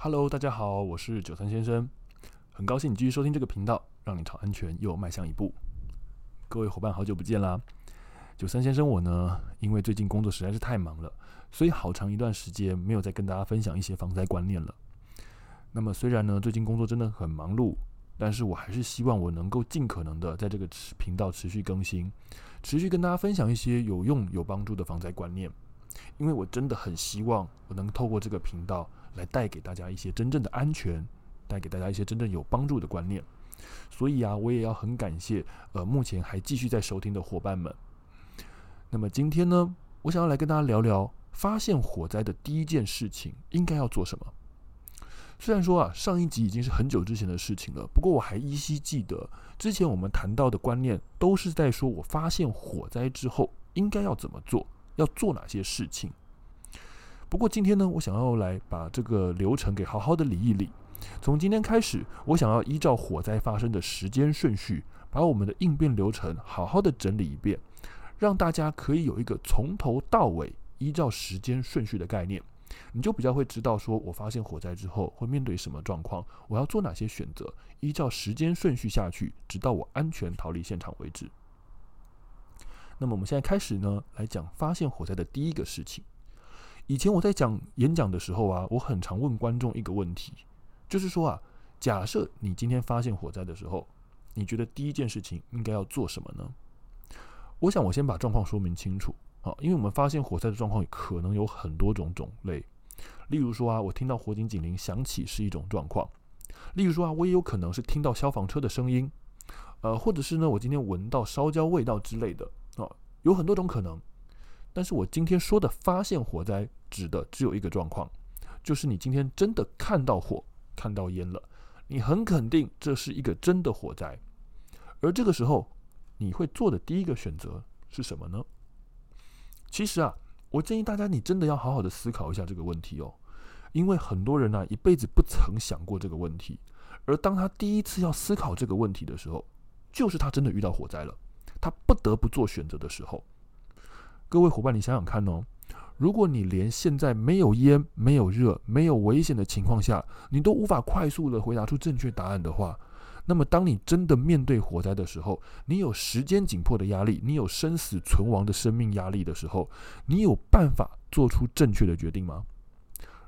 Hello，大家好，我是九三先生，很高興你繼續收聽這個頻道，讓你朝安全又邁向一步。各位夥伴，好久不見啦！九三先生，我呢，因為最近工作實在是太忙了，所以好長一段時間沒有再跟大家分享一些防災觀念了。那麼，雖然呢，最近工作真的很忙碌，但是我還是希望我能夠盡可能的在這個持頻道持續更新，持續跟大家分享一些有用、有幫助的防災觀念。因為我真的很希望我能透過這個頻道來帶給大家一些真正的安全，帶給大家一些真正有幫助的觀念。所以啊，我也要很感謝呃，目前還繼續在收聽的夥伴們。那麼今天呢，我想要來跟大家聊聊發現火災的第一件事情應該要做什麼。雖然說啊，上一集已經是很久之前的事情了，不過我還依稀記得之前我們談到的觀念都是在說我發現火災之後應該要怎麼做。要做哪些事情？不過今天呢，我想要來把這個流程給好好的理一理。從今天開始，我想要依照火災發生的時間順序，把我們的應變流程好好的整理一遍，讓大家可以有一個從頭到尾依照時間順序的概念。你就比較會知道說，說我發現火災之後會面對什麼狀況，我要做哪些選擇，依照時間順序下去，直到我安全逃離現場為止。那麼我們現在開始呢，來講發現火災的第一個事情。以前我在講演講的時候啊，我很常問觀眾一個問題，就是說啊，假設你今天發現火災的時候，你覺得第一件事情應該要做什麼呢？我想我先把狀況說明清楚啊，因為我們發現火災的狀況可能有很多種種類。例如說啊，我聽到火警警鈴響起是一種狀況，例如說啊，我也有可能是聽到消防車的聲音，呃，或者是呢，我今天聞到燒焦味道之類的。有很多種可能，但是我今天說的發現火災指的只有一個狀況，就是你今天真的看到火，看到煙了，你很肯定這是一個真的火災，而這個時候你會做的第一個選擇是什麼呢？其實啊，我建議大家你真的要好好的思考一下這個問題哦，因為很多人呢，啊，一輩子不曾想過這個問題，而當他第一次要思考這個問題的時候，就是他真的遇到火災了。他不得不做選擇的時候，各位夥伴，你想想看哦，如果你連現在沒有煙、沒有熱、沒有危險的情況下，你都無法快速地回答出正確答案的話，那麼當你真的面對火災的時候，你有時間緊迫的壓力，你有生死存亡的生命壓力的時候，你有辦法做出正確的決定嗎？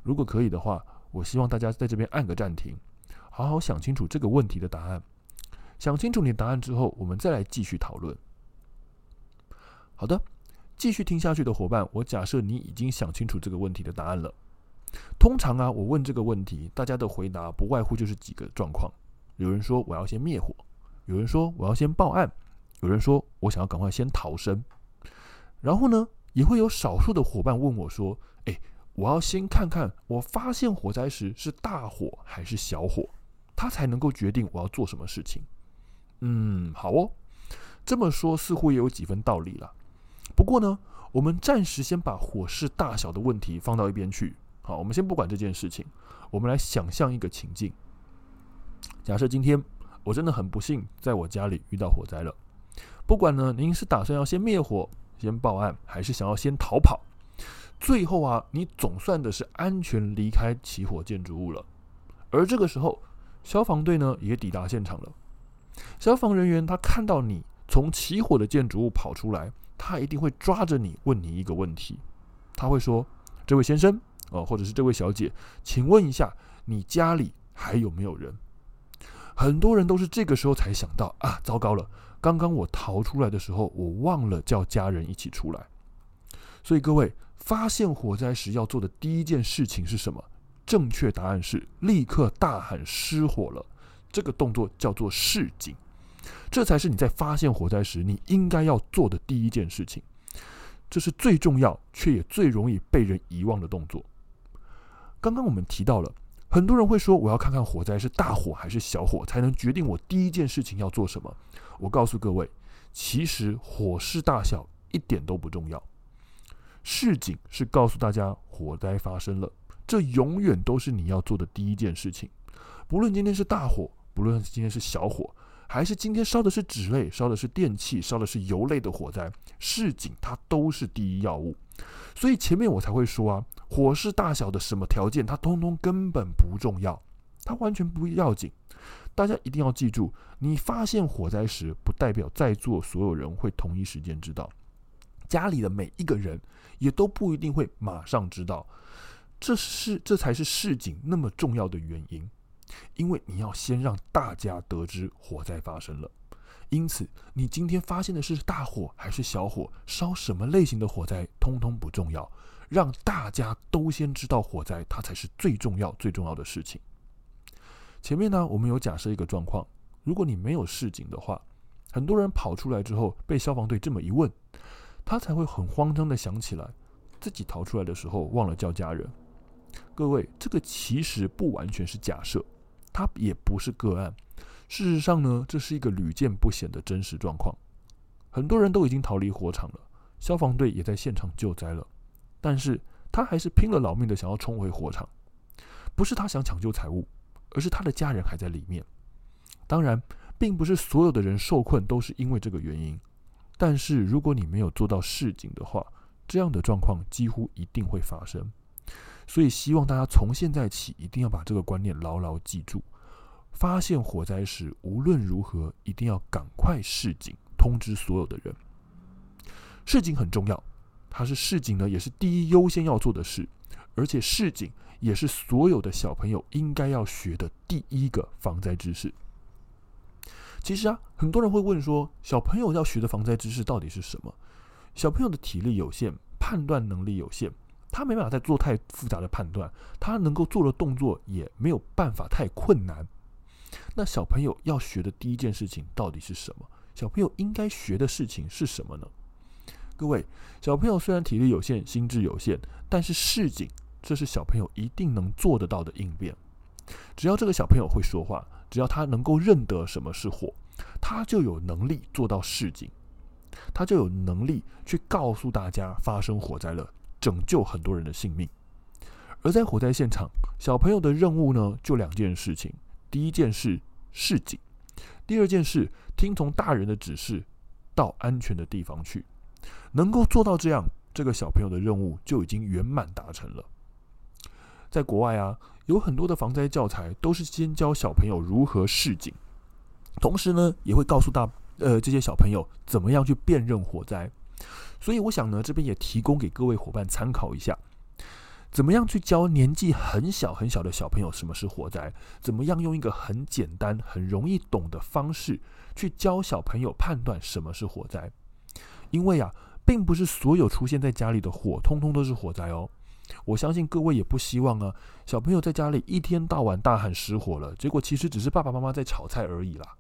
如果可以的話，我希望大家在這邊按個暫停，好好想清楚這個問題的答案。想清楚你的答案之後，我們再來繼續討論。好的，繼續聽下去的夥伴，我假設你已經想清楚這個問題的答案了。通常啊，我問這個問題，大家的回答不外乎就是幾個狀況：有人說我要先滅火；有人說我要先報案；有人說我想要趕快先逃生。然後呢，也會有少數的夥伴問我說：“誒，我要先看看，我發現火災時是大火還是小火，他才能夠決定我要做什麼事情。”嗯，好哦。這麼說似乎也有幾分道理了。不過呢，我們暫時先把火勢大小的問題放到一邊去。好，我們先不管這件事情，我們來想象一個情境：假設今天我真的很不幸，在我家裡遇到火災了。不管呢，您是打算要先滅火、先報案，還是想要先逃跑？最後啊，你總算的是安全離開起火建築物了。而這個時候，消防隊呢也抵達現場了。消防人員他看到你從起火的建築物跑出來，他一定會抓着你問你一個問題，他會說：“這位先生，哦，或者是這位小姐，請問一下，你家裡還有沒有人？”很多人都是這個時候才想到啊，糟糕了，剛剛我逃出來的時候，我忘了叫家人一起出來。所以各位，發現火災時要做的第一件事情是什麼？正確答案是立刻大喊失火了。這個動作叫做示警，這才是你在發現火災時你應該要做的第一件事情。這是最重要，卻也最容易被人遺忘的動作。剛剛我們提到了，很多人會說：“我要看看火災是大火還是小火，才能決定我第一件事情要做什麼。”我告訴各位，其實火勢大小一點都不重要。示警是告訴大家火災發生了，這永遠都是你要做的第一件事情，不論今天是大火。不論今天是小火，還是今天燒的是紙類、燒的是電器、燒的是油類的火災，示警它都是第一要務。所以前面我才會說啊，火勢大小的什麼條件，它通通根本不重要，它完全不要緊。大家一定要記住，你發現火災時，不代表在座所有人會同一時間知道，家裡的每一個人也都不一定會馬上知道。這是，這才是示警那麼重要的原因。因為你要先讓大家得知火災發生了，因此你今天發現的是大火還是小火，燒什麼類型的火災，通通不重要，讓大家都先知道火災，它才是最重要最重要的事情。前面呢，我們有假設一個狀況，如果你沒有示警的話，很多人跑出來之後，被消防隊這麼一問，他才會很慌張的想起來，自己逃出來的時候忘了叫家人。各位，這個其實不完全是假設。他也不是個案，事實上呢，這是一個屢見不鮮的真實狀況。很多人都已經逃離火場了，消防隊也在現場救災了，但是他還是拼了老命的想要衝回火場。不是他想搶救財物，而是他的家人還在裡面。當然，並不是所有的人受困都是因為這個原因，但是如果你沒有做到示警的話，這樣的狀況幾乎一定會發生。所以希望大家從現在起一定要把這個觀念牢牢記住。發現火災時，無論如何一定要趕快示警，通知所有的人。示警很重要，它是示警呢，也是第一優先要做的事，而且示警也是所有的小朋友應該要學的第一個防災知識。其實啊，很多人會問說，小朋友要學的防災知識到底是什麼？小朋友的體力有限，判斷能力有限。他沒辦法再做太複雜的判斷，他能夠做的動作也沒有辦法太困難。那小朋友要學的第一件事情到底是什麼？小朋友應該學的事情是什麼呢？各位，小朋友雖然體力有限，心智有限，但是示警這是小朋友一定能做得到的應變。只要這個小朋友會說話，只要他能夠認得什麼是火，他就有能力做到示警，他就有能力去告訴大家發生火災了。拯救很多人的性命。而在火災現場，小朋友的任務呢，就兩件事情：第一件事示警，第二件事聽從大人的指示，到安全的地方去。能夠做到這樣，這個小朋友的任務就已經圓滿達成了。在國外啊，有很多的防災教材都是先教小朋友如何示警，同時呢也會告訴大呃這些小朋友怎麼樣去辨認火災。所以我想呢，這邊也提供給各位夥伴參考一下，怎麼樣去教年紀很小很小的小朋友什麼是火災？怎麼樣用一個很簡單、很容易懂的方式去教小朋友判斷什麼是火災？因為啊，並不是所有出現在家裡的火通通都是火災哦。我相信各位也不希望啊，小朋友在家裡一天到晚大喊失火了，結果其實只是爸爸媽媽在炒菜而已啦。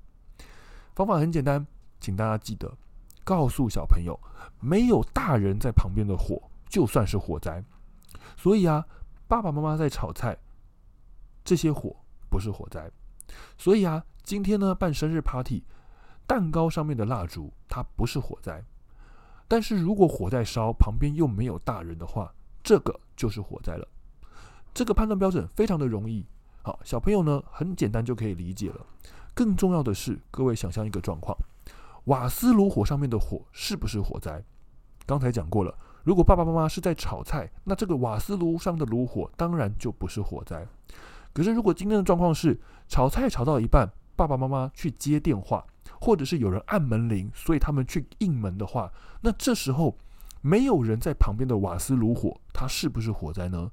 方法很簡單，請大家記得。告訴小朋友，沒有大人在旁邊的火就算是火災。所以啊，爸爸媽媽在炒菜，這些火不是火災。所以啊，今天呢辦生日 party，蛋糕上面的蠟燭它不是火災。但是如果火在燒，旁邊又沒有大人的話，這個就是火災了。這個判斷標準非常的容易。好，小朋友呢很簡單就可以理解了。更重要的是，各位想象一個狀況。瓦斯爐火上面的火是不是火災？剛才講過了，如果爸爸媽媽是在炒菜，那這個瓦斯爐上的爐火當然就不是火災。可是，如果今天的狀況是炒菜炒到一半，爸爸媽媽去接電話，或者是有人按門鈴，所以他們去應門的話，那這時候沒有人在旁邊的瓦斯爐火，它是不是火災呢？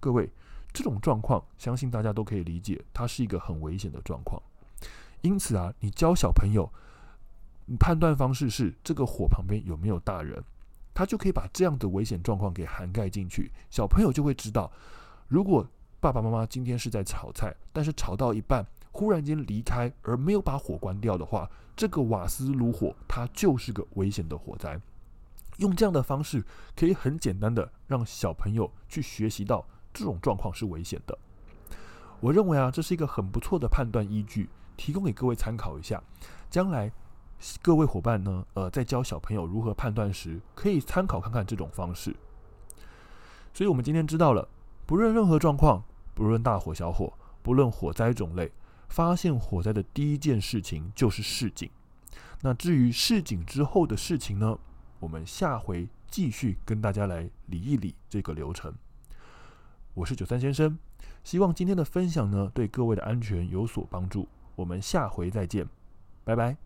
各位，這種狀況相信大家都可以理解，它是一個很危險的狀況。因此啊，你教小朋友，判斷方式是這個火旁邊有沒有大人，他就可以把這樣的危險狀況給涵蓋進去。小朋友就會知道，如果爸爸媽媽今天是在炒菜，但是炒到一半忽然間離開而沒有把火關掉的話，這個瓦斯爐火它就是個危險的火災。用這樣的方式可以很簡單的讓小朋友去學習到這種狀況是危險的。我認為啊，這是一個很不錯的判斷依據，提供給各位參考一下將來。各位夥伴呢，呃，在教小朋友如何判斷時，可以參考看看這種方式。所以，我們今天知道了，不論任何狀況，不論大火小火，不論火災種類，發現火災的第一件事情就是示警。那至於示警之後的事情呢，我們下回繼續跟大家來理一理這個流程。我是九三先生，希望今天的分享呢，對各位的安全有所幫助。我們下回再見，拜拜。